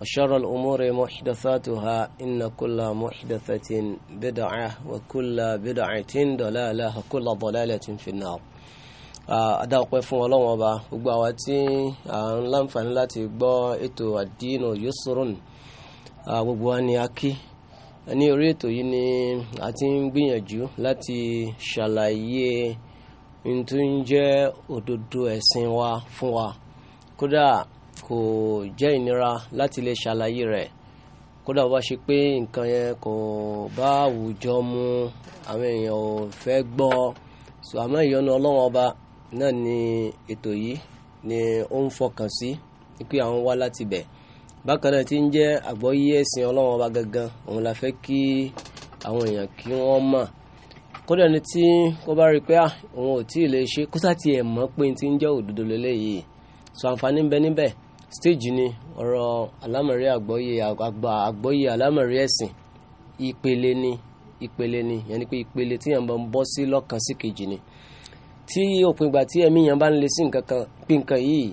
وشر الأمور محدثاتها إن كل محدثة بدعة وكل بدعة ضلالة وكل ضلالة في النار adáwọ̀pẹ́ fún ọlọ́wọ́n ọba gbogbo àwa tí à ń láǹfààní láti gbọ́ ètò àdínà yusrun gbogbo wa ni a kí ní orí ètò yìí ni a ti ń gbìyànjú láti ṣàlàyé n tó ń jẹ́ òdodo ẹ̀sìn wa fún wa kódà kò jẹ́ ìnira láti lè ṣàlàyé rẹ̀ kódà bó bá ṣe pé nǹkan yẹn kò bá àwùjọ mu àwọn èèyàn ò fẹ́ gbọ́ so àmọ́ ìyọnu ọlọ́wọ́n ọba náà ni ètò yìí ni ó ń fọkàn sí pé àwọn wá láti bẹ̀ bákan náà ti ń jẹ́ àgbọ́yé ẹ̀sìn ọlọ́wọ́n ọba gangan òun la fẹ́ kí àwọn èèyàn kí wọ́n mọ̀ kódà ní tí wọ́n bá rí i pé òun ò tí ì lè ṣe kó sá tiẹ̀ mọ̀ pé ti ń jẹ́ òdodo lélẹ́yìí so àǹfààní ń bẹ níbẹ̀ stage ni ọ̀rọ̀ alámọ̀rí àgbọ́yé àgbọ́yé alámọ̀rí ẹ̀sìn ìpele ni ìpele ni yẹn ni pé ìpele tí yẹn bá ń bọ́ sí lọ́kàn sí kejì ni tí òpin ìgbà tí ẹ̀mí yẹn bá ń le sí nǹkan kan pé nǹkan yìí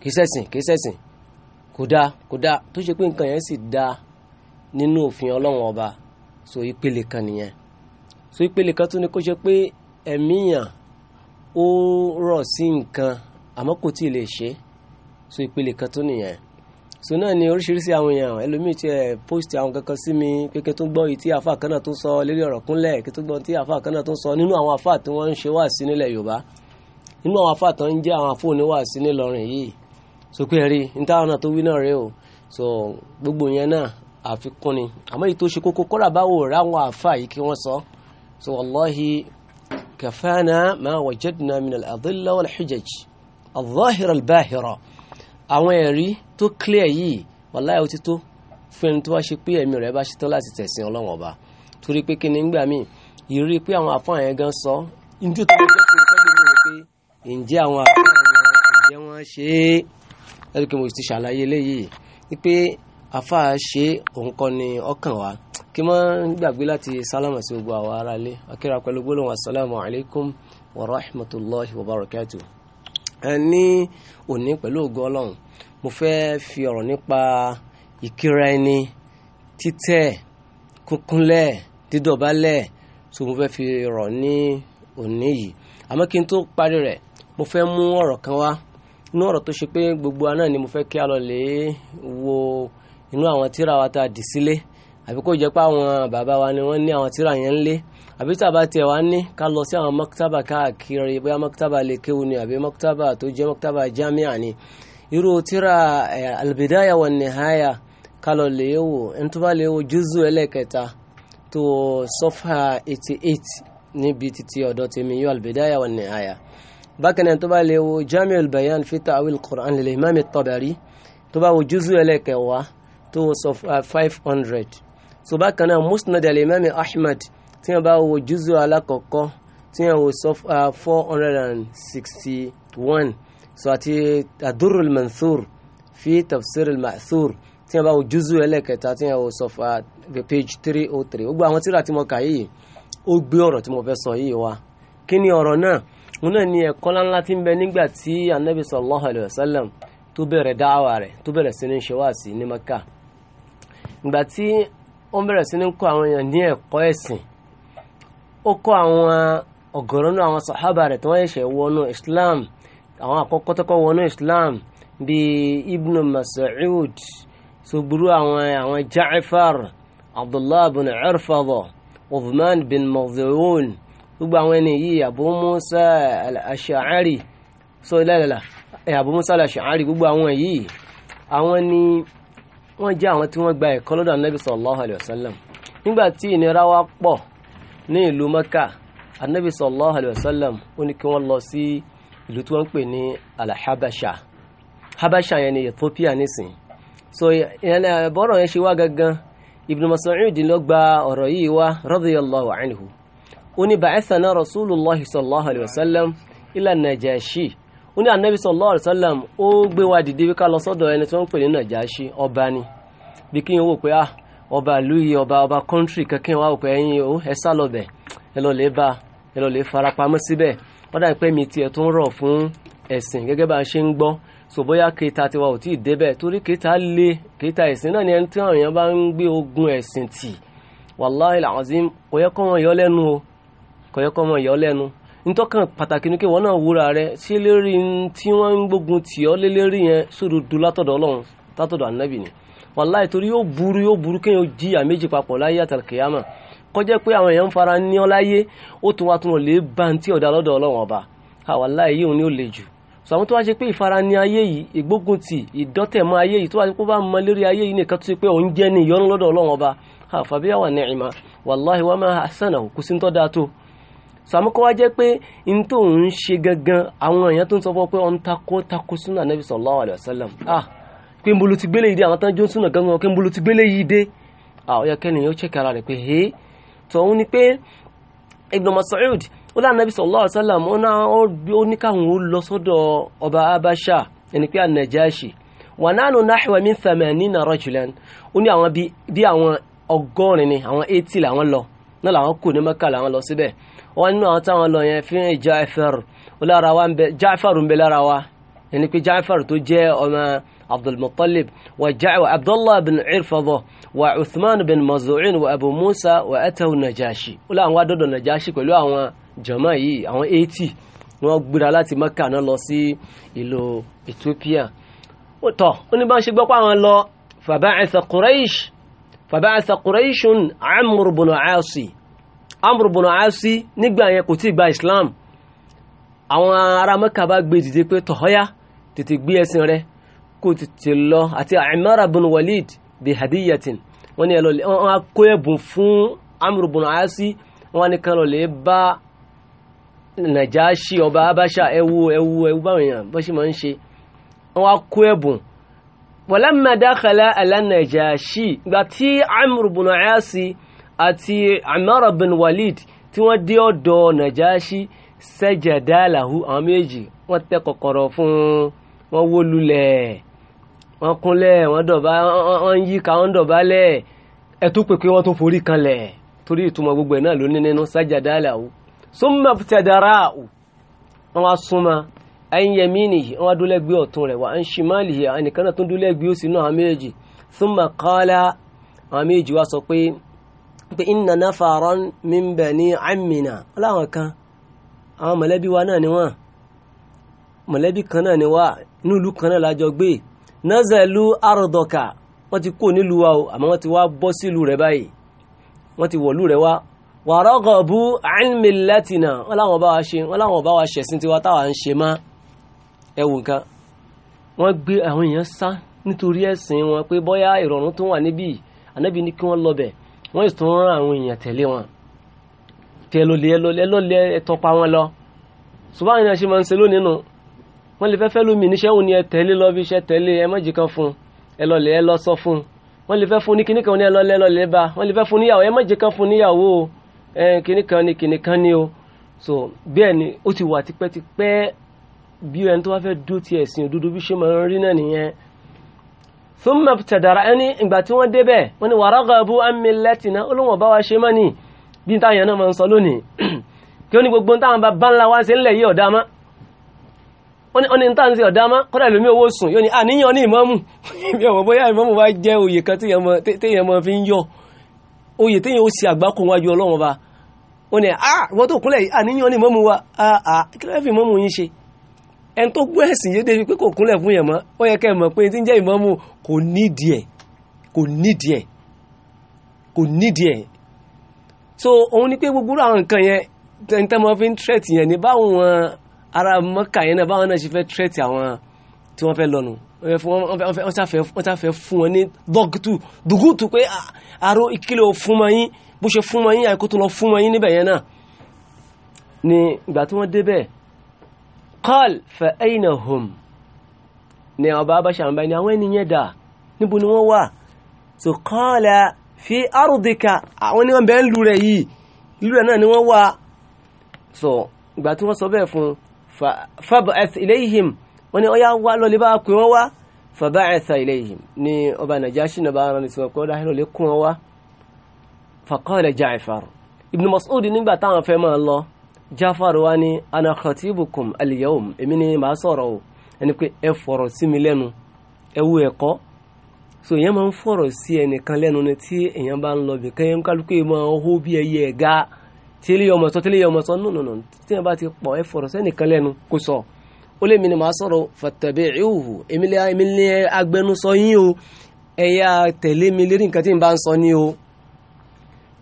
kì í ṣẹ̀sìn kì í ṣẹ̀sìn kò dáa kò dáa tó ṣe pé nǹkan yẹn sì dáa nínú òfin ọlọ́run ọba so ìpele kan nìyẹn so ìpele kan tún ni kó ṣe pé ẹ̀mí yẹn ó rọ̀ sí nǹkan àmọ́ kò tí lè ṣe é so ìpele kan tó nìyẹn so náà ni oríṣiríṣi àwọn èèyàn ẹlòmíì tí ẹ post àwọn kankan sí mi kéke tó gbọ́ yìí tí àfa kan náà tó sọ lérí ọ̀rọ̀ kúnlẹ̀ kéke tó gbọ́ tí àfa kan náà tó sọ nínú àwọn àfa tí wọ́n ń ṣe wá sí nílẹ̀ Yorùbá nínú àwọn àfa tó ń jẹ́ àwọn afóònù wá sí nílọrin yìí so pé rí n táwọn náà tó wí náà rèé o so gbogbo yẹn náà àfikún ni àmọ́ èyí tó ṣe kókó kọ́ra báwo ráwọn àfa yìí kí wọ́n sọ so wallahi kafana ma wajadna min al-adilla wal àwọn ẹ̀rí tó clear yìí wàláyà ó ti tó fún ẹni tó bá ṣe pé ẹ̀mí rẹ̀ bá ṣe tán láti tẹ̀sìn ọlọ́run ọba torí pé kí ni ń gbà míì ìrírí pé àwọn àfáà yẹn gan sọ ndí tó ń jẹ́ pé ìfẹ́ lè mú pé ǹjẹ́ àwọn àfáà yẹn ǹjẹ́ wọ́n ṣe é lẹ́nu kí mo ti ṣàlàyé eléyìí wípé àfáà ṣe òun kọ́ ni ọkàn wa kí mọ́ gbàgbé láti sálámà sí gbogbo àwọn aráalé akíra pẹ̀lú gbólóhùn assalamu alaikum wa rahmatullahi wa barakatuh ní òní pẹ̀lú ògo ọlọ́run mo fẹ́ fi ọ̀rọ̀ nípa ìkíra ẹni títẹ̀ kúnkúnlẹ̀ dídọ̀bálẹ̀ tó mo fẹ́ fi rọ̀ ní òní yìí àmọ́ kí n tó parí rẹ̀ mo fẹ́ mú ọ̀rọ̀ kan wá inú ọ̀rọ̀ tó ṣe pé gbogbo aná ni mo fẹ́ kí a lọ lè wo inú àwọn tíra wa tá a dì sílé. Si àbí kó jẹ́ pé àwọn bàbá wa ni wọ́n ní àwọn tíra yẹn ń lé àbí tàbá tiẹ̀ wá ní ká lọ sí àwọn mọ́kítàbà káàkiri bóyá mọ́kítàbà lè kéwu ni àbí mọ́kítàbà tó jẹ́ mọ́kítàbà jámíà ni irú tíra albidaya wa nihaya ká lọ lè wò ẹni tó bá lè wò júzù ẹlẹ́kẹta tó sọ́fà eighty eight níbi títí ọ̀dọ̀ tèmi yóò albidaya wa nihaya bákan náà tó lè wò jámíà albayan fi ta'wil qur'an lil imam at-tabari wò júzù ẹlẹ́kẹwàá tó sọ́fà five so bákan náà musnad al-imam ahmed tí wọ́n bá wo juzu alákọ̀ọ́kọ́ tí wọ́n wo uh, four hundred and sixty one so àti adurul manthur fi tafsir al tí wọ́n bá wo juzu ẹlẹ́kẹta tí wọ́n wo sọfà uh, page three oh three gbogbo àwọn tíra tí mo kà yìí ó gbé ọ̀rọ̀ tí mo fẹ́ sọ yìí wá kí ni ọ̀rọ̀ náà òun náà ni ẹ̀kọ́ ńláńlá tí ń bẹ nígbà tí anabi sallallahu alayhi wa sallam tó bẹ̀rẹ̀ dáwà rẹ̀ tó bẹ̀rẹ̀ sí ní ṣe wáàsí ní maka ìgbà ó ń bẹ̀rẹ̀ sí ní kọ́ àwọn èèyàn ní ẹ̀kọ́ ẹ̀sìn ó kọ́ àwọn ọ̀gọ̀rọ̀ náà àwọn sàhábà rẹ̀ tí wọ́n ṣẹ̀ṣẹ̀ wọnú islam àwọn àkọ́kọ́ tó kọ́ wọnú islam bíi ibnu mas'ud sogburu àwọn àwọn ja'far abdullahi bin irfadọ uthman bin maz'un gbogbo àwọn ẹni yìí abu musa so ilẹ̀ ilẹ̀ abu gbogbo àwọn yìí àwọn ni wọ́n jẹ́ àwọn tí wọ́n gba ẹ̀kọ́ lọ́dọ̀ anabi sallallahu alayhi wa sallam nígbà tí ìnira wa pọ̀ ní ìlú mẹ́kà anabi sallallahu alayhi wa sallam ó ní kí wọ́n lọ sí ìlú tí wọ́n pè ní alahabasha habasha yẹn ni ethiopia nísìn so bọ́rọ̀ yẹn ṣe wá gangan ibn Mas'ud ló gba ọ̀rọ̀ yìí wá radiyallahu anhu ó ní ba'athana rasulullahi sallallahu alayhi wa sallam ila ó ní anabi sallallahu alaihi wasallam ó gbé wa dìde bí ká lọ sọ́dọ̀ ẹni tó ń pè ní nàjàṣí ọba ni bí kí n wò pé ah ọba lùyìí ọba ọba kọ́ńtírì kankan wà wò pé ẹ̀yin o ẹ sá lọ bẹ̀ ẹ lọ lè bá ẹ lọ lè farapamọ́ síbẹ̀ wọ́n dà pé mi tiẹ̀ tó ń rọ̀ fún ẹ̀sìn gẹ́gẹ́ bá a ṣe ń gbọ́ so bóyá kéta tiwa ò tí ì débẹ̀ torí kéta lé kéta ẹ̀sìn náà ni ẹni tí àwọn èèyàn bá ń gbé ogun ẹ̀sìn tì wàláhìlà àwọn zim kò wọn yọ lẹ́nu o kò wọn yọ lẹ́nu ntọ́kàn pàtàkì ni pé wọ́n náà wúra rẹ̀ sí lérí tí wọ́n ń gbógun tì ọ́ lé lérí yẹn sódodo látọ̀dọ̀ ọlọ́run látọ̀dọ̀ ànábì ni wàláì torí yóò burú yóò burú kéèyàn jìyà méjì papọ̀ láyé àtàkìyàmà kọjá pé àwọn èèyàn ń fara ní ọ láyé ó tún wá tún lè bá ń tí ọ̀dà lọ́dọ̀ ọlọ́run ọba wàláì yìí òun ni ó le jù sọ àwọn tó wá ṣe pé ìfara ní ayé yìí ìgbógun tì ìdọ́tẹ̀mọ́ ayé yìí tó wá ṣe pé ó bá mọ lérí ayé yìí nìkan tó ṣe pé òun jẹ́ ní ìyọ́nú lọ́dọ̀ ọlọ́run ọba fàbíyàwó ní ìmà wàmà hasanahu kùsìntọ́ dáa tó so àmọ́ kọ́ wá jẹ́ pé n tó ń ṣe gangan àwọn èèyàn tó ń sọ fọ́ pé ọ̀n takó takó súnà nàbì ah pé n bolo ti gbélé yìí dé àwọn tán jó súnà gangan pé n bolo ti gbélé yìí dé ah ọ̀yà kẹ́ni yóò ṣẹ̀kẹ́ ara rẹ̀ pé tó ń ni pé Ibn maso'ud ó lá nàbì sallallahu alaihi wasallam ó ná ó ní káwọn ó lọ sọ́dọ̀ ọba Abasha ẹni pé wọ́n nínú àwọn táwọn lọ yẹn fi hàn jaafar lára wa ń bẹ jaafar ń bẹ lára wa ẹni pé jaafar tó jẹ́ ọmọ abdulmutalib wa jaafar abdullah bin irfadọ wa uthman bin mazu'in wa abu musa wa atahu najashi ó láwọn adọ́dọ̀ najashi pẹ̀lú àwọn jama yìí àwọn 80 wọ́n gbéra láti maka náà lọ sí ìlú ethiopia ó tọ́ ó ní bá ń ṣe gbọ́ pa lọ fàbáàṣà quraish fàbáàṣà quraishun amr bin amru bùnà àásí nígbà yẹn kò tí ì gba islam àwọn ará mẹ́ka bá gbé dìde pé tọ̀họ́yá tètè gbé ẹsìn rẹ kó tètè lọ àti Imara bùnà walid bi hadiyatin wọ́n ní ẹ lọ́lẹ̀ wọ́n á kó ẹ̀bùn fún amru bùnà àásí wọ́n á ní kan lọ́lẹ̀ bá nàjáṣí ọba abáṣà ẹwu ẹwu ẹwu báwọn èèyàn bó ṣe máa ń ṣe wọ́n kó ẹ̀bùn walamma dakhala ala nàjáṣí gbà tí bùnà àásí àti Amara bin Walid tí wọ́n dé ọ̀dọ̀ Najashi sajada lahu àwọn méjì wọ́n tẹ́ kọ̀kọ̀rọ̀ fún wọn wó lulẹ̀ wọ́n kúnlẹ̀ wọ́n dọ̀bá wọ́n yíká wọ́n dọ̀bálẹ̀ ẹ tó pè pé wọ́n tó forí kanlẹ̀ torí ìtumọ̀ gbogbo ẹ̀ náà ló ní nínú sajada lahu summa ibtadara'u wọ́n wá súnmọ́ an yaminihi wọ́n wá dúlẹ́gbẹ́ ọ̀tún rẹ̀ wa an shimalihi àwọn nìkan náà tó dúlẹ́gbẹ́ òsì náà àwọn méjì summa qala àwọn méjì wá sọ pé pé inna nafaran min bani ammina aláwọn kan àwọn mọ̀lẹ́bí wa náà ni wọ́n mọ̀lẹ́bí kan náà ni wá nílùú kan náà lájọ gbé nazalu ardọka wọ́n ti kó nílùú wa o àmọ́ wọ́n ti wá bọ́ sílùú rẹ̀ báyìí wọ́n ti wọ̀lú rẹ̀ wá wa ragabu an wọ́n láwọn bá wa ṣe wọ́n láwọn bá wa ṣẹ̀sìn tiwa táwa ń ṣe má ẹ̀wù nǹkan wọ́n gbé àwọn èèyàn sá nítorí ẹ̀sìn wọn pé bọ́yá ìrọ̀rùn tó wà níbí ànábì ní kí wọ́n lọ bẹ̀ wọ́n sì tún rán àwọn èèyàn tẹ̀lé wọn kí ẹlòlè ẹlòlè ẹlòlè ẹtọ́ pa wọn lọ ṣùgbọ́n àwọn ṣe máa ń ṣe lónìí nù wọ́n lè fẹ́fẹ́ lómi níṣẹ́ òun ni ẹ tẹ̀lé lọ bí iṣẹ́ tẹ̀lé ẹ mọ́jì kan fún ẹlòlè ẹ lọ sọ fún wọ́n lè fẹ́ fún ní kinní kan ní ẹlòlè ẹlòlè bá wọ́n lè fẹ́ fún níyàwó ẹ mọ́jì kan fún níyàwó ẹ kinní kan ní kinní kan ní o so bẹ́ẹ̀ ni ó ti wà tipẹ́tipẹ́ bí ẹni tó wá fẹ́ dó ti ẹ̀sìn òdodo bí ṣe máa rí náà nìyẹn thumma ibtadara ẹni ìgbà tí wọ́n débẹ̀ wọ́n ni wa raghabu an millatina olóhùn bá wa ṣe mọ́ ni bí táyà náà máa ń sọ lónìí kí ó ní gbogbo táwọn bá bá ńlá wá sí ńlẹ̀ yìí ọ̀dá mọ́ ó ní táwọn sí ọ̀dá mọ́ kọ́dà lómi owó sùn yóò ní àníyàn ní ìmámù bí ọ̀wọ̀ bóyá ìmámù wá jẹ́ ẹni tó gbọ́ ẹ̀sìn yé débi pé kò kúnlẹ̀ fún yẹn mọ́ ó yẹ kẹ́ mọ̀ pé tí ń jẹ́ ìmáàmù kò nídìí ẹ̀ kò nídìí ẹ̀ kò nídìí ẹ̀ so òun ni pé gbogbo àwọn nǹkan yẹn tẹ́ntẹ́ mọ́ fi ń tírẹ̀tì yẹn ní báwọn ará Mọ́kà yẹn náà báwọn náà ṣe fẹ́ tírẹ̀tì àwọn tí wọ́n fẹ́ lọ́nu wọ́n ṣàfẹ́ fún wọn ní dọ́gùtù dùgùtù pé àrò ìkìlọ̀ fún fún ni ìgbà tí wọ́n قال fa aina hum ní ọba bá ṣàmbá ní àwọn ènìyàn dà níbo ni wọ́n wà so qala fi ardika àwọn ni wọ́n bẹ̀ ń lù rẹ̀ yìí lù rẹ̀ náà ni wọ́n wà so ìgbà tí wọ́n sọ bẹ́ẹ̀ fún fab'ath ilayhim wọ́n ni ọya wá lọ lè bá pè wọ́n wá fab'atha ilayhim ní ọba Najashi náà bá rán ní sọ pé ó dáhìrò lè kún wọn wá fa qala ibn Mas'ud nígbà táwọn fẹ́ máa lọ Jafar wa ni ana khatibukum al-yawm èmi ni màá sọ̀rọ̀ o ẹni pé ẹ fọ̀rọ̀ sí mi lẹ́nu ẹ wú ẹ̀kọ́ so èèyàn máa ń fọ̀rọ̀ sí ẹnìkan lẹ́nu ni tí èèyàn bá ń lọ bì kẹ́yìn kálukú yìí máa hó bí ẹyẹ ẹ̀gá tílé ọmọ sọ tílé ọmọ sọ nùnùnù tí èèyàn bá ti pọ̀ ẹ fọ̀rọ̀ sí ẹnìkan lẹ́nu kò sọ ó lè mi ni màá sọ̀rọ̀ fattabi'uhu èmi ni agbẹnusọ yín o ẹ̀yà tẹ̀lé mi lérí nǹkan tí n bá ń sọ ní o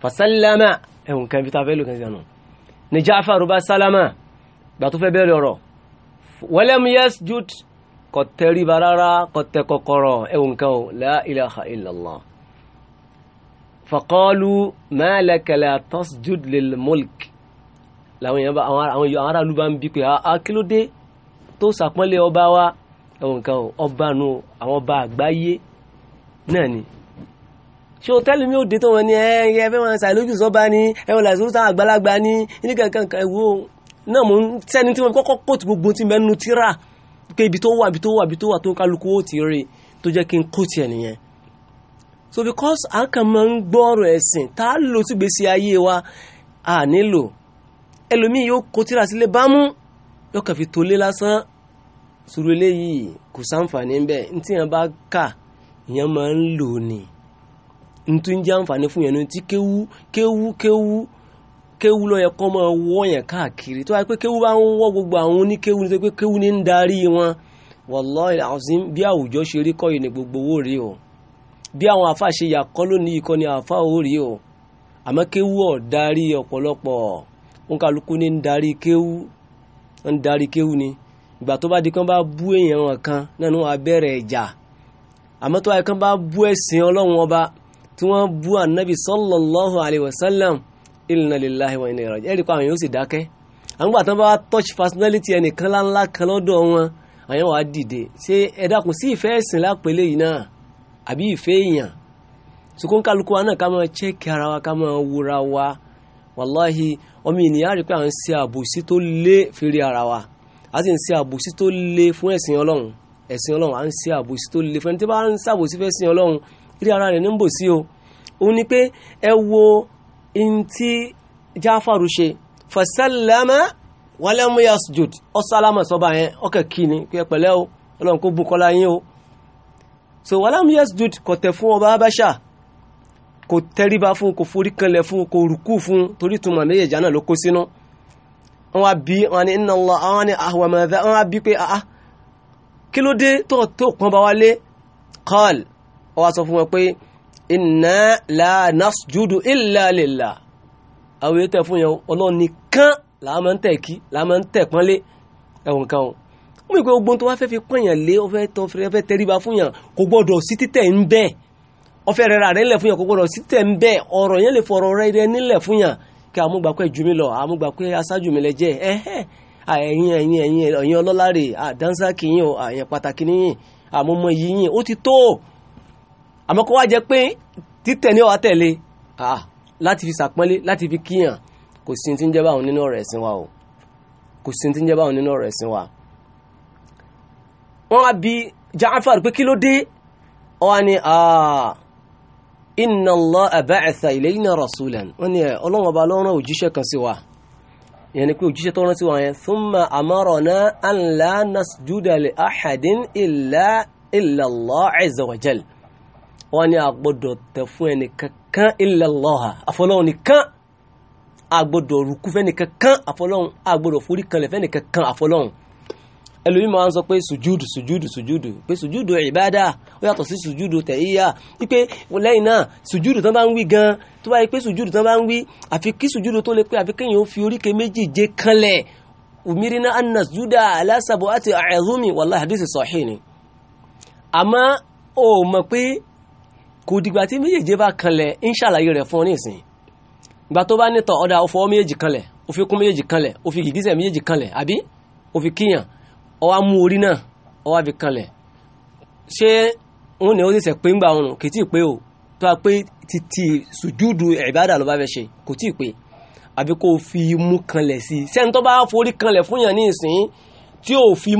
fasallama ẹ̀hùn kan bí ta fẹ́ lò kan sí ni Ja'far bá sálámà gbà tó fẹ́ bẹ̀rẹ̀ ọ̀rọ̀ walam yasjud kò tẹríba rárá kò tẹ kọkọrọ ẹwù nǹkan o la ilaha illallah faqalu ma laka la tasjud lil mulk làwọn èèyàn bá àwọn aráàlú bá ń bí pé akílódé tó sàpọ́nlé ọba wa ẹwù nǹkan o ọba nu àwọn ọba àgbáyé náà ni ṣé o tẹ́lẹ̀ mi ò dé tó wọn ni ẹ ẹ fẹ́ wọn ṣàì lójú sọ́ba ni ẹ wọn làṣẹ òṣà àgbàlagbà ni ní kankan ẹ̀wò náà mò ń sẹ́ni tí wọ́n kọ́kọ́ kóòtù gbogbo tí mẹ́nu ibi tó wà ibi tó wà ibi tó wà tó kálukú ó ti rí tó jẹ́ kí n kóòtù ẹ̀ so because a kàn máa ń gbọ́ ọ̀rọ̀ ẹ̀sìn tá a lò sí gbèsè ayé wa a nílò ẹlòmíì yóò kó tíra sílé bámú yóò kàn fi tolé lásán sùrù eléyìí kò bẹ́ẹ̀ n tún jẹ́ àǹfààní fún yẹn ní tí kéwú kéwú kéwú kéwú ló yẹ kó máa wọ́ yẹn káàkiri tó bá ń wọ́ gbogbo àwọn oníkéwú nítorí pé kéwú ní ń darí wọn wallahi azim bí àwùjọ ṣe rí kọ́ yìí ní gbogbo owó rí o bí àwọn àfa ṣe yà kọ́ lónìí kọ́ ni àfa ò rí o àmọ́ kéwú ọ̀ darí ọ̀pọ̀lọpọ̀ òǹkàlùkù ní ń darí kéwú ń darí kéwú ni ìgbà tó bá di kán bá bú èèyàn kan náà ni wọ́n á bẹ̀rẹ̀ ìjà àmọ́ tó bá di kán bá bú ẹ̀sìn ọlọ́run ọba tí wọ́n bú ànábì sallallahu alayhi wa sallam inna lillahi wa inna ilayhi raji'un ẹ̀rí pa àwọn yóò sì dákẹ́ àwọn gbà bá touch personality ẹnìkan láńlá kan lọ́dọ̀ wọn àwọn wàá dìde ṣé ẹ dákun sí ìfẹ́ ẹ̀sìn lápẹ́lẹ́ yìí náà àbí ìfẹ́ èèyàn sùkún kálukú wa náà ká máa chẹ́kì ara wa ká máa wúra wa wàláhì ọmọ ènìyàn rí pé à ń ṣe àbòsí tó lé fèrè ara wa a sì ń ṣe àbòsí tó lé fún ẹ̀sìn ọlọ́run ẹ̀sìn ọlọ́run à ń ṣe àbòsí tó lé fún ẹni tí bá ń ṣàbòsí fẹ́ sìn ọlọ́run rí ara rẹ̀ níbò sí o òun ni pé ẹ wo in tí jáfàrú ṣe fasalama walam yasjud ọsálámà sọba yẹn ọkẹ̀ kí ni pé pẹ̀lẹ́ o ọlọ́run kó bùn yín o so walam yasjud kò tẹ̀ fún ọba abáṣà kò tẹríba fún kò forí kanlẹ̀ fún kò rùkú fún torí tuma méjèèjì náà ló kó sínú wọn bí wọn ni inna Allah àwọn ni àwọn ah, àmàlà wọn bí pé ah, ah kí ló dé tó tó bá wálé kọ́ọ̀lù ó wá sọ fún wọn pé inna la nasjudu illa lillah àwọn ètò fún yẹn ọlọ́run nìkan làá máa ń tẹ̀ kí làá máa ń tẹ̀ pọ́nlé ẹ̀wọ̀n kan o wọ́n ìgbà ogun tó wá fẹ́ fi pọ́nyàn lé fẹ́ fún yàn kò gbọ́dọ̀ sí títẹ̀ ń bẹ́ẹ̀ ọfẹ́ rẹ̀ rà fún kò gbọ́dọ̀ sí títẹ̀ ń ọ̀rọ̀ yẹn lè fọ̀rọ̀ rẹ̀ nílẹ̀ fún kí ju mi lọ àmọ́ kó wá jẹ́ pé títẹ̀ ní ọ̀wá tẹ̀lé ah. Ah, láti fi sàpọ́nlé láti fi kíyàn kò sí ti ń jẹ́ báwọn nínú ọ̀rọ̀ ẹ̀sìn wa o kò sí ti ń jẹ́ báwọn nínú ọ̀rọ̀ ẹ̀sìn wa. wọ́n á bi Jaafar pé kí ló dé ọ̀wá ni ah, inna Allah ba'atha ilayna rasulan wọ́n ní eh, ọlọ́wọ́n ọba lọ́rùn òjíṣẹ́ kan sí wa yẹn ni pé òjíṣẹ́ tó rántí wọn yẹn thumma amarana an la nasjuda li ahadin illa illa Allah wọ́n ní àgbọ́dọ̀ tẹ̀ fún ẹnìkankan illa Allah àfọlọ́hún nìkan àgbọ́dọ̀ rúkú fẹ́nìkankan àfọlọ́hún àgbọ́dọ̀ forí kanlẹ̀ fẹ́nìkankan àfọlọ́hún ẹlòmíì máa ń sọ pé sùjúdù sùjúdù sùjúdù pé sùjúdù ìbádà ó yàtọ̀ sí sùjúdù tẹ̀yíyà wípé lẹ́yìn náà sùjúdù tán bá ń wí gan tó bá yẹ pé sùjúdù tán bá ń wí àfi kí sùjúdù tó lè pé àfi kéèyàn ó fi oríkè méjèèje kanlẹ̀ umirina annas juda aláṣàbọ̀ àti àẹ̀rúmi wàlá hadisi sahih ni àmọ́ ó mọ̀ pé kò dìgbà tí méjèèjì bá kanlẹ̀ ń ṣàlàyé rẹ̀ fún ọ ní ìsìn tó bá nítọ̀ ọ̀dà ó méjèèjì kanlẹ̀ ó kún méjèèjì kanlẹ̀ ó gìgísẹ̀ méjèèjì kanlẹ̀ àbí fi kíyàn ó mú orí náà ó fi pé ń gbà ọrùn pé o tó a pé títí sùjúdù ìbádà ló bá fẹ́ ṣe kò tí ì pé àbí kó fi imú kanlẹ̀ sí i sẹ́ni tó bá forí kanlẹ̀ fún yàn ní ìsìn tí ò fi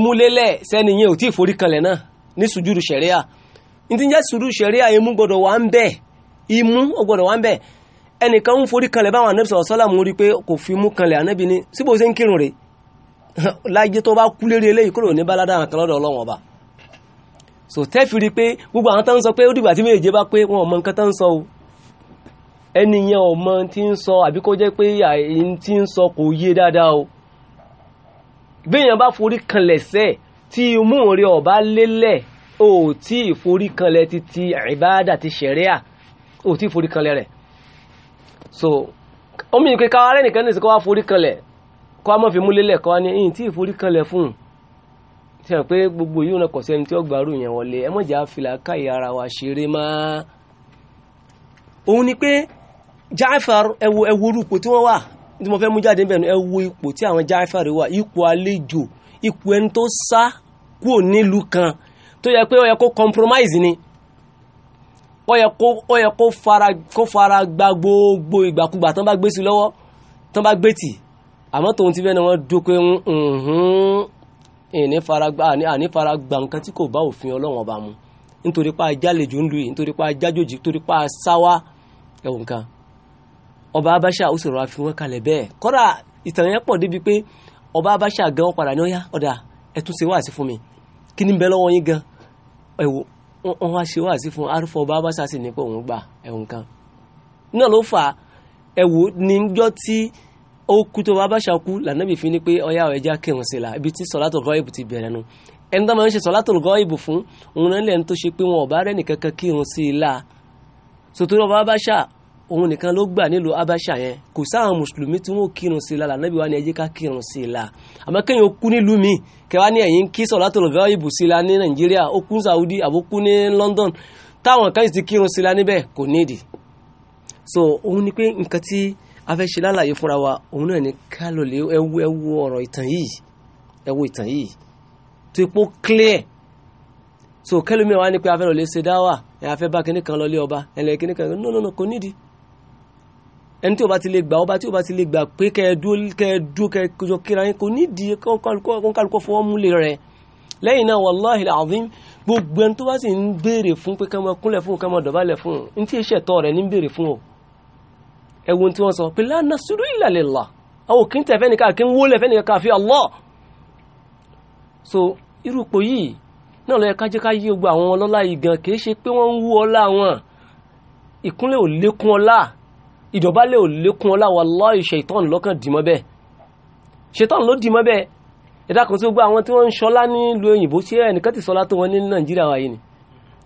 ní ti ń jẹ́ sùúrù ṣẹ̀ríà imú gbọ́dọ̀ wà ń bẹ̀ imú gbọ́dọ̀ wà ń bẹ̀ ẹnìkan ń forí kanlẹ̀ báwọn anábì sọ̀rọ̀ sọ́là mú rí pé kò fi imú kanlẹ̀ anábì ni síbò ṣe ń kírun rè láyé tó bá kú lérí eléyìí kúrò ní báládà àwọn kan lọ́dọ̀ ọlọ́wọ́n ọba so tẹ́fì rí pé gbogbo àwọn tó ń sọ pé ó dìgbà tí méje bá pé wọn ò mọ nǹkan tó ń sọ o ẹni yẹn ò mọ tí ń sọ àbí kó jẹ́ pé àyín tí ń sọ kò yé dáadáa o béèyàn bá forí kanlẹ̀ sẹ́ẹ̀ tí imú rẹ̀ ọ̀bá lélẹ̀ o tí ìforíkanlẹ̀ ti ti ìbáàdà ti ṣẹ̀ríà o tí ìforíkanlẹ̀ rẹ̀ so omi ìpè káwa rẹ̀ nìkan nìsí kọ́ wá foríkanlẹ̀ kọ́ wá mọ́ fi múlélẹ̀ kọ́ wá ní ìyìn tí ìforíkanlẹ̀ fún ti hàn pé gbogbo yìí náà kò sẹ́ni tí ó gbàrú yẹn wọlé ẹ mọ̀jà fìlà káyà ara wa ṣeré máa òun ni pé Jaafar ẹwo ẹworú ipò tí wọ́n wà tí mo fẹ́ mú jáde bẹ̀rù ẹwo ipò tí àwọn Jaafar wà ipò àlejò ipò ẹni tó sá kúrò nílùú kan tó yẹ pé ó yẹ kó compromise ni ó yẹ kó ó yẹ kó fara kó fara gba gbogbo ìgbàkúgbà tán bá gbé sí lọ́wọ́ tán bá gbé tì àmọ́ tòun ti bẹ́ẹ̀ ni wọ́n dúpẹ́ ìní fara gba àní fara gba nǹkan tí kò bá òfin ọlọ́wọ́n ọba mu nítorí pa ajálejò ń lu yìí nítorí pa ajájòjì nítorí pa sáwá ẹ̀wọ̀n nǹkan ọba abáṣà ó sì rọra fi wọn kalẹ̀ bẹ́ẹ̀ kọ́dà ìtàn yẹn pọ̀ débi pé ọba abáṣà gan padà ní ọ̀yá ọ̀dà ẹ̀túnṣe wá sí fún mi kí ni bẹ́ẹ̀ lọ́wọ́ yín gan-an ẹ̀wò wọ́n wá ṣe wáàsí fún arúfọ bábáṣà sì ní pé òun gbà ẹ̀wọ̀n kan náà ló fà ẹ̀wò níjọ́ tí ó kú tó bábáṣà kú lànàbì fi ni pé ọyá ẹja kírun sí la ibi tí sọlátò gọ́ìbù ti bẹ̀rẹ̀ nu ẹni tó máa ń ṣe sọlátò gọ́ìbù fún òun náà lẹ́nu tó ṣe pé wọn ò bá rẹ́nìkankan kírun sí i la sòtúrọ̀ bábáṣà òun nìkan ló gbà nílùú Abáṣà yẹn kò sáwọn mùsùlùmí tí wọn kírun sí la lànàbí wa ni ẹjẹ ká kírun sí la àmọ́ kéèyàn kú nílùú mi kẹwàá ní ẹ̀yìn kí sọ̀látùl ghaib sí la ní Nàìjíríà ó kú Saudi àbó kú ní London táwọn kan ti kírun sí la níbẹ̀ kò nídìí so òun ni pé nǹkan tí a fẹ́ ṣe lálàyé fúnra wa òun náà ni ká lò lé ẹwu ẹwu ọ̀rọ̀ ìtàn yìí ẹwu ìtàn yìí tó ipò clear so kẹlòmíràn wa ni pé a fẹ́ lọ lè ṣe dáwà ẹ̀ a bá kinní kan lọ lé ọba ẹ̀ lẹ́yìn kinní kan no no no kò nídìí ẹni tí o bá ti lè gbà ọba tí o bá ti lè gbà pé kẹ́ẹ̀dú kẹ́ẹ̀dú kẹ́ẹ̀jọ kíra yín kò nídìí kọ́ńkálukọ́ fọwọ́ múlẹ̀ rẹ̀ lẹ́yìn náà wàláhì àdín gbogbo ẹni tó bá sì ń béèrè fún pé kẹ́mọ kúnlẹ̀ fún kẹ́mọ dọ̀bálẹ̀ fún ní tí ìṣẹ̀tọ́ rẹ̀ ní béèrè fún o ẹ̀wọ̀n tí wọ́n sọ pé lánàá sùúrù la àwọn òkín tẹ̀ fẹ́ nìkan kí ń wólẹ̀ fẹ́ nìkan káfí Allah so irúpò yìí náà lọ́yẹ ká jẹ́ ká yí gbogbo àwọn ọlọ́lá yìí gan kì í ṣe pé wọ́n ń wú ọlá wọn ìkúnlẹ̀ ò lékún ọlá ìdọ̀bálẹ̀ ò lékún ọlá wallahi ṣètọ́n lọ́kàn dìmọ́ bẹ́ẹ̀ ṣètọ́n ló dìmọ́ bẹ́ẹ̀ ìdákan tó gbá àwọn tí wọ́n ń ṣọlá nílùú òyìnbó ṣé ẹnìkan ti sọlá tó wọn ní nàìjíríà wáyé ni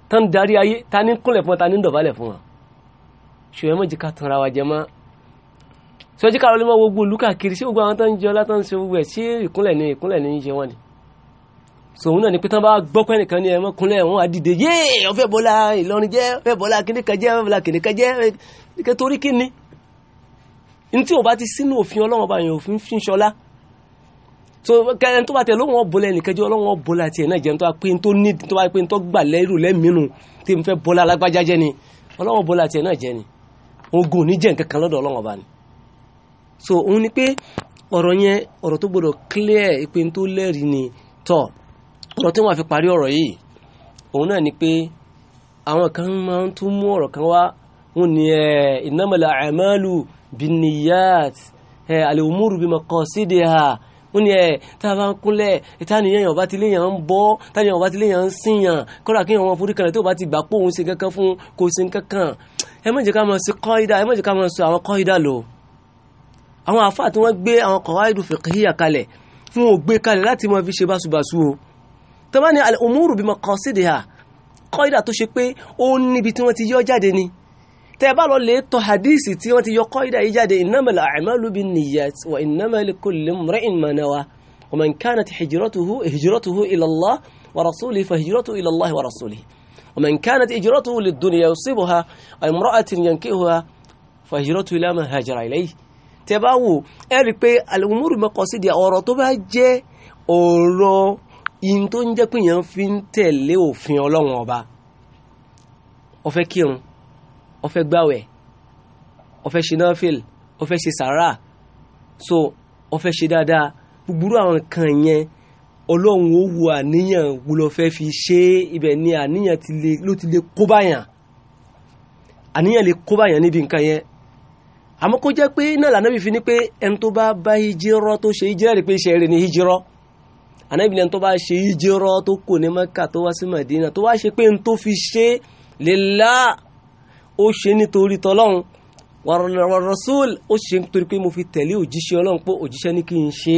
tó ń darí ayé ta ní kúnlẹ̀ fún ta ní dọ̀bálẹ̀ fún wọn ṣùgbọ́n mọ̀ jìká tanra wa jẹ mọ́ sọ́jíkà lọ́lẹ́mọ́ gbogbo olúkà kiri sí gbogbo àwọn tó ń jọlá tó ń ṣe gbogbo ẹ̀ sí ìkúnlẹ̀ ní ìkúnlẹ̀ ní í ṣe ni sòun náà ni pé tán bá gbọ́pẹ́ nìkan ní ẹ̀mọ́ kúnlẹ̀ wọn á dìde yéè ọ̀fẹ́ bọ́lá Ìlọrin jẹ́ ọ̀fẹ́ bọ́lá kìnìkan jẹ́ ọ̀fẹ́ bọ́lá kìnìkan jẹ́ ẹ̀kẹ́ torí kí ni ní tí o bá ti sínú òfin Ọlọ́run ọba yẹn òfin fi ń ṣọlá so kẹrin tó bá tẹ lóhùn ọ̀bọ̀lá ẹnìkan jẹ́ Ọlọ́run ọ̀bọ̀lá tiẹ̀ náà jẹ́ nítorí pé tó ní tó bá pé tó gbà lẹ́rù lẹ́mìínú tí mo fẹ́ bọ́lá alágbájá jẹ́ ni Ọlọ́run ni ogun ní jẹ́ nǹkan kan so òun ni pé clear ìpè tó lẹ́rìí ni ọ̀rọ̀ tí wọ́n fi parí ọ̀rọ̀ yìí òun náà ni pé àwọn kan máa ń tún mú ọ̀rọ̀ kan wá wọn ni ẹ innamal a'malu binniyat ẹ al-umuru bimaqasidiha wọ́n ní ẹ̀ tá a bá ń kúnlẹ̀ ìtànìyàn yàn bá ti léyàn ń bọ́ tànìyàn bá ti léyàn ń síyàn kọ́ra kí àwọn forí kanlẹ̀ tó bá ti gbà pé òun ṣe kankan fún kò ṣe kankan ẹ má jẹ́ ká máa ṣe kọ́ídà ẹ má jẹ́ ká máa sọ àwọn kọ́ídà lò àwọn àfáà tí wọ́n gbé àwọn kọ̀wáìdù fiqhiyya kalẹ̀ fún ògbé kalẹ̀ láti máa fi ṣe báṣubàṣu o tó bá ní al-umuru bi ha kọ́ìdà tó ṣe pé ó níbi tí wọ́n ti yọ jáde ni tẹ́ bá lọ lè tọ hadisi tí wọ́n ti yọ kọ́ìdà yìí yo koida yi jade innamal a'malu binniyat wa innama likulli imri'in ma nawa wa man kanat hijratuhu hijratuhu wa rasulihi fa hijratuhu ila Allah wa rasulihi wa man kanat hijratuhu lid-dunya yusibuha aw imra'atin yankihuha fa hijratuhu ila ma hajara ilayhi tẹ́ bá wò rí pé al-umuru bi maqasidi ọ̀rọ̀ tó bá jẹ́ ọ̀rọ̀ yìí tó ń jẹ́ pé èèyàn fi ń tẹ̀lé òfin ọlọ́run ọba ó kírun ó gbàwẹ̀ ó ṣe nọ́fìl ó ṣe sàárà so ó fẹ́ ṣe dáadáa gbogbo àwọn nǹkan yẹn ọlọ́run ó wo àníyàn wo fẹ́ fi ṣe ibẹ̀ ni àníyàn ló ti lè kó báyàn àníyàn lè kó báyàn níbi nǹkan yẹn àmọ́ kó jẹ́ pé náà lànà bí fi ni pé ẹni tó bá bá hijirọ́ tó ṣe hijirọ́ rẹ̀ pé iṣẹ́ rẹ̀ ni hijirọ́ anábìlẹ̀ tó bá ṣe ìjírọ́ tó kò ní mẹ́kà tó wá sí mẹ́dínà tó wá ṣe pé n fi ṣe lillah ó ṣe nítorí tọ́lọ́run wa rasul ó ṣe nítorí pé mo fi tẹ̀lé òjíṣẹ́ ọlọ́run pé òjíṣẹ́ ní kí n ṣe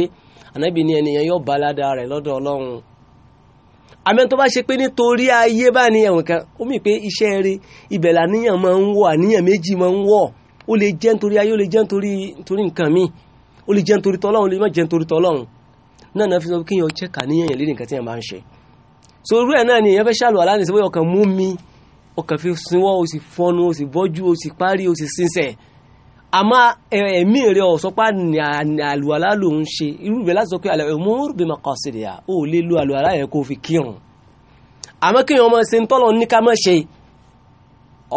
anábì ní ẹnìyàn yóò bá ládàá rẹ̀ lọ́dọ̀ ọlọ́run àmì tó bá ṣe pé nítorí ayé bá ní ẹ̀wọ̀n kan ó mì pé iṣẹ́ rẹ̀ ibẹ̀ làníyàn máa ń wọ̀ àníyàn méjì máa ń wọ̀ ó lè jẹ́ nítorí ayé ó lè jẹ́ nítorí nǹkan míì ó lè jẹ́ nítorí tọ́lọ́run náà náà fi sọ kí yẹn check àníyàn yẹn lérí nǹkan tí yẹn máa ń ṣe so irú ẹ̀ náà ni yẹn fẹ́ ṣàlù aláàní sí bóyá ọkàn mú mi ọkàn fi sinwọ́ o sì fọnu o sì bọ́jú o sì parí o sì sinsẹ̀ àmọ́ ẹ̀mí rẹ̀ ọ̀sọ́pá àlùwàlá ló ń ṣe irú rẹ̀ láti sọ pé àlẹ́ umur bi maqasidiha ó lè lo àlùwàlá yẹn kó o fi kírun àmọ́ kéèyàn ọmọ ṣe ń tọ́lọ̀ ní ká má ṣe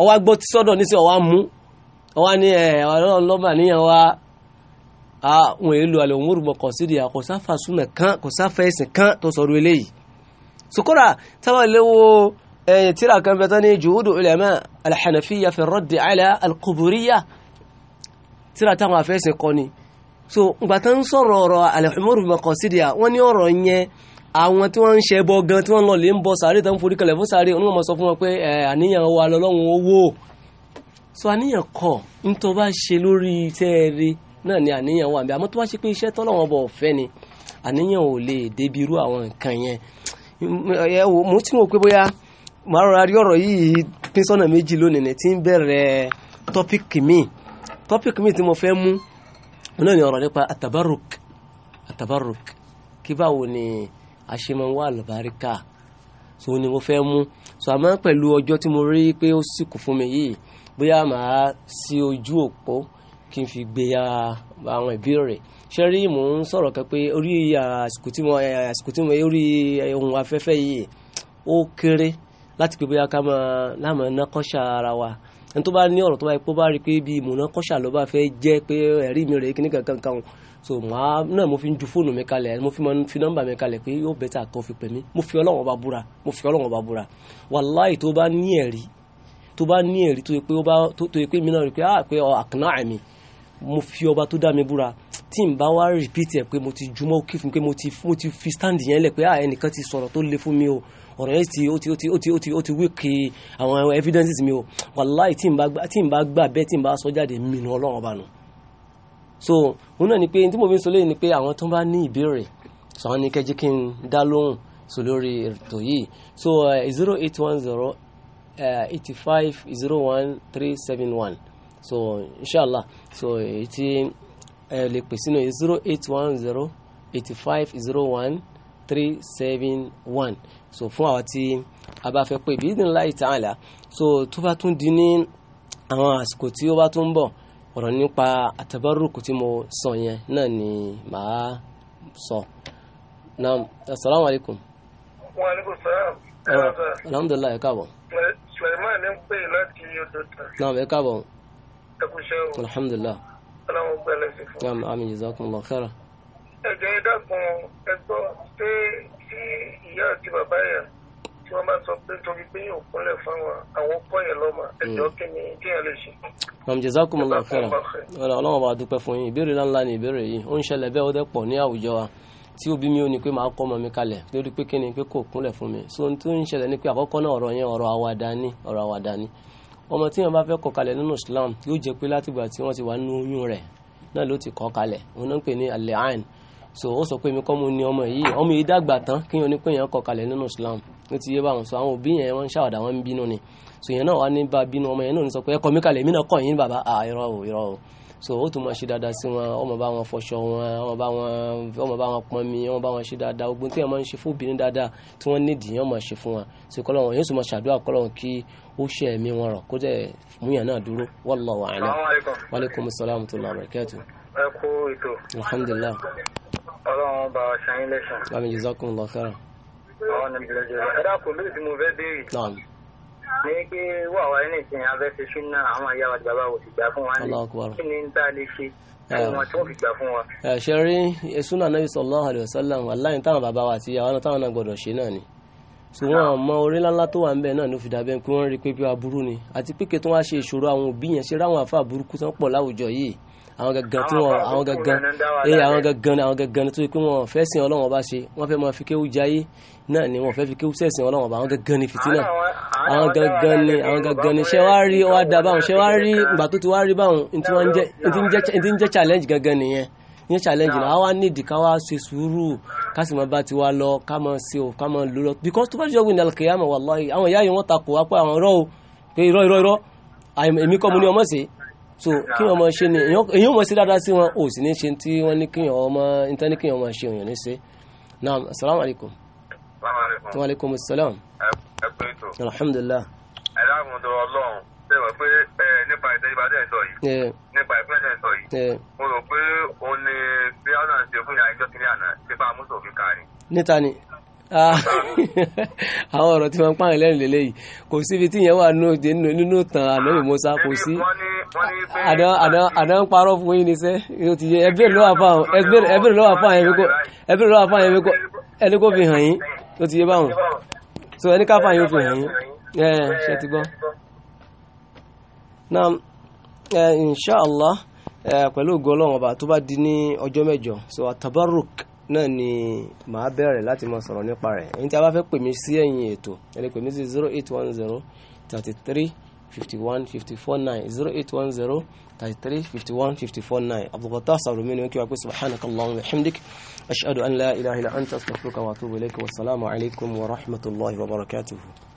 ọwá gbọ́ tí sọ́dọ̀ ní sí ọwá mú ọwá ní ẹ̀ ọlọ́ọ̀lọ́mà níyàn àwọn èlò alẹ́ òun rúbọ kọ̀ sídìí kò sáfà súnà kan kò sáfà ẹ̀sìn kan tó sọ̀rọ̀ eléyìí sukura táwọn ilé wo ẹ̀yìn tíra kan bẹ́ẹ̀ tán juhudu ulama alhanafiya fi raddi ala alquburiya tíra táwọn afẹ́sìn kọ́ ni so ngbà tán sọ̀rọ̀ ọ̀rọ̀ alẹ́ òun rúbọ kọ̀ sídìí wọ́n ní ọ̀rọ̀ yẹn àwọn tí wọ́n ń ṣe bọ́ gan tí wọ́n lọ lè ń bọ sàárè tó ń forí kalẹ̀ fún sàárè onímọ̀ sọ fún wọn pé àníyàn wa lọ́lọ́run owó so àníyàn kọ̀ ń tó bá ṣe lórí tẹ́ẹ̀rẹ́ náà ni àníyàn wà níbi àmọ́ tó wá ṣe pé iṣẹ́ tọ́lọ́wọ́n bọ̀ ọ̀fẹ́ ni àníyàn ò lè débi irú àwọn nǹkan yẹn ẹ wò mo ti mọ̀ pé bóyá màá rọra rí ọ̀rọ̀ yìí pín sọ́nà méjì lónìí ní ń bẹ̀rẹ̀ tọ́píkì míì tọ́píkì míì tí mo fẹ́ mú náà ni ọ̀rọ̀ nípa atabaruk atabaruk kí báwo ni a ṣe máa ń wá àlùbáríkà so ni mo fẹ́ mú so àmọ́ pẹ̀lú ọjọ́ tí mo rí pé ó sì kù fún mi yìí bóyá màá sí ojú òpó kí n fi gbé àwọn ìbéèrè ṣe rí mò ń sọ̀rọ̀ kan pé orí àsìkò tí wọ́n àsìkò tí wọ́n orí ohun afẹ́fẹ́ yìí ó kéré láti pé bóyá ká máa láàmú nákọ́ṣà ara wa ẹni tó bá ní ọ̀rọ̀ tó bá yẹ bá rí i pé bíi ìmùnákọ́ṣà ló bá fẹ́ jẹ́ pé ẹ̀rí mi rèé kíní kankan kan so màá náà mo fi ń ju fóònù mi kalẹ̀ mo fi máa ń fi nọ́mbà mi kalẹ̀ pé yóò bẹ́tà kó fi pè mí mo fi Ọlọ́run Ọba búra mo fi Ọlọ́run Ọba búra wàláì tó bá ní ẹ̀rí tó bá ní ẹ̀rí tó yẹ pé mi náà rí pé ah pé ọ̀ àmì mo fi ọba tó dá mi búra tí n bá wá repeat ẹ pé mo ti jumọ kí fún pé mo ti mo ti fi stand yẹn lẹ pé ah ẹnìkan ti sọ̀rọ̀ tó le fún mi o ọ̀rọ̀ yẹn ti o ti o ti o ti o ti o ti wíkì àwọn evidences mi o wàláì tí n bá gbà tí n bá gbà bẹ́ẹ̀ tí n bá sọ jáde mìíràn ọlọ́run ọba nù so òun náà ni pé tí mo fi ń sọ lẹ́yìn ni pé àwọn tó ń bá ní ìbéèrè sọ wọn ni kẹjí kí n dá lóhùn so lórí ètò yìí so eh, zero eight one zero eh, eighty five zero one three seven one so inshallah so èyí tí ẹ lè pè sínú zero eight one zero eighty five zero one three seven one so fún àwọn tí a bá fẹ́ pé bí idhnillahi ta'ala so tó bá tún di ní àwọn àsìkò tí ó bá tún ń bọ̀ ọ̀rọ̀ nípa àtàbárùkù tí mo sọ yẹn náà ni màá sọ. naam asalaamu alaykum. wa aleykum salaam. alhamdulilayi ẹ káàbọ̀. sulaiman n pè láti odò tán. naam ẹ káàbọ̀ ẹkú iṣẹ́ o. alhamdulilah. ọlọ́run gbẹlẹ sí fún. naam àmín jazakumullahu khairan. ẹ̀jẹ̀ ẹ dákun ẹ gbọ́ pé tí ìyá àti bàbá yẹn tí wọ́n bá sọ pé torí pé yóò kúnlẹ̀ fáwọn àwọn kọ́ yẹn lọ́mọ ẹ̀jọ́ mm. kí ni kí yẹn lè ṣe. naam jazakumullahu khairan ọlọ́run bá dúpẹ́ fún yín ìbéèrè ńláńlá ni ìbéèrè yìí ó ń ṣẹlẹ̀ bẹ́ẹ̀ ó dẹ́ tí òbí mi ò ní pé máa kọ́ ọmọ mi kalẹ̀ lórí pé kí ni pé kò kúnlẹ̀ fún mi so ohun tó ń ṣẹlẹ̀ ni pé àkọ́kọ́ náà ọ̀rọ̀ yẹn ọ̀rọ̀ àwàdà ni ọ̀rọ̀ àwàdà ni ọmọ tí wọn bá fẹ́ kọ kalẹ̀ nínú Islam yóò jẹ́ pé látìgbà tí wọ́n ti wà nínú oyún rẹ̀ náà ló ti kọ kalẹ̀ òun náà ń pè ní al-li'an so ó sọ pé mi kọ́ mo ní ọmọ yìí ọmọ yìí dàgbà tán kí wọn ní pé yẹn kọ kalẹ̀ nínú Islam ó ti yé báwọn so àwọn òbí yẹn wọ́n ń ṣàwàdà wọ́n ń bínú ni so yẹn náà wà ní bá bínú ọmọ yẹn náà ní sọ pé ẹ kọ mí kalẹ̀ mí náà kọ yín bàbá à irọ́ o irọ́ o so ó tún máa ṣe dáadáa sí wọn ọmọ bá wọn fọṣọ wọn ọmọ bá wọn ọmọ bá wọn pọnmi ọmọ bá wọn ṣe dáadáa ogun tí wọn máa ń ṣe fún obìnrin dáadáa tí wọn nídìí yẹn máa ṣe fún wọn so kọ́ lọ́wọ́ yóò sì máa ṣàdúrà kọ́ lọ́wọ́ kí ó ṣe ẹ̀mí wọn rọ̀ kó jẹ́ múyàn náà dúró wallahu a'lam wa alaykum salaam tó lọ barakatuh. ẹ kú ètò. alhamdulilah. ọlọ́run bá a ṣe ayé lẹ́sàn. àmín jazakumullahu khairan. àwọn ní pé wà wá ní ìsìn abẹ́fẹ́ súnà àwọn ìyá wa bàbá ò sì gbà fún wa ní kí ni ń tá lè ṣe káwọn eh, ṣe rí eh, sunna nabi sallallahu táwọn bàbá wa àti náà táwọn náà gbọdọ̀ ṣe náà ni. so wọn mọ orí ńláńlá tó wà ń bẹ náà ló fi dàbẹ pé wọn rí pé bí aburú ni àti pé kí tó wá ṣe ìṣòro àwọn òbí yẹn ṣe ráwọn àfa burúkú tán pọ̀ láwùjọ yìí àwọn gangan tí wọn àwọn gangan ee eh, àwọn gangan àwọn gangan tó yẹ pé wọn fẹ́ sin Ọlọ́run ọba ṣe wọn fẹ́ máa fi kéwú jayé náà ni wọn fẹ́ fi kéwú sẹ̀sìn Ọlọ́run ọba àwọn gangan ni fìtínà àwọn gangan ni àwọn gangan ni ṣé wàá rí wàá da báwọn ṣé wàá rí ìgbà tó ti wàá rí báwọn ntí ń jẹ́ challenge gangan nìyẹn ìyẹn challenge náà àwa nídìí ká ṣe sùúrù kásìmọ́ bá ti wá lọ ká sí o ká mọ̀ because tó bá jọ wíńdà kìyàmọ̀ wallahi àwọn ìyá yìí wọ́n takò wá pé àwọn ọ̀rọ̀ o pé irọ́ irọ́ irọ́ èmi kọ́ mo ní ọmọ sí so kí wọ́n mọ̀ ṣe ni èyí ò mọ̀ sí dáadáa sí wọn ò sì ní ṣe tí wọ́n ní kíyàn ọmọ níta ní kíyàn ọmọ ṣe òyìn ní ṣe naam asalaamu alaykum. wa alaykum salaam. ẹ pé tó. alhamdulilah. ẹ dákun tó ọlọ́run ṣe wọ́n pé nípa ìtẹ́júba tẹ̀ sọ yìí nípa ìpínlẹ̀ tẹ̀ sọ yìí mo rò pé òun ni bí àwọn náà ṣe fún ìyá ìjọ kiri àná tí bá mú sòfin kárí. níta ni ah. àwọn ọ̀rọ̀ tí wọ́n ń pààyàn lẹ́rìn lélẹ́yìí kò síbi tí ìyẹn wà nínú ìtàn ànábì Mùsá kò sí àdán parọ́ fún yín níṣẹ́ yóò ti yẹ ẹbẹ̀rẹ̀ lọ́wọ́ àfáàn ẹbẹ̀rẹ̀ lọ́wọ́ àfáàn ẹbí kò ẹni kò fi hàn yín yóò ti yẹ báwọn so ẹni káfáàn yóò fi hàn yín ṣe ti gbọ́ náà inshallah pẹ̀lú ògo ọlọ́run ọba tó bá di ní ọjọ́ mẹ́jọ so atabaruk náà ni màá bẹ̀rẹ̀ láti máa sọ̀rọ̀ nípa rẹ̀ ẹ̀yin tí a bá fẹ́ pè mí sí ẹ̀yìn ètò ẹ lè pè mí sí zero eight one zero thirty three fifty one fifty four nine zero eight one zero thirty three fifty one fifty four nine abdulkata sàrùmí ni wọn kí wàá pé subhanakallahu wa hamdik ashadu an la ilaha illa anta astaghfiruka wa atubu ilayka wa alaykum wa rahmatulahi wa barakatuhu.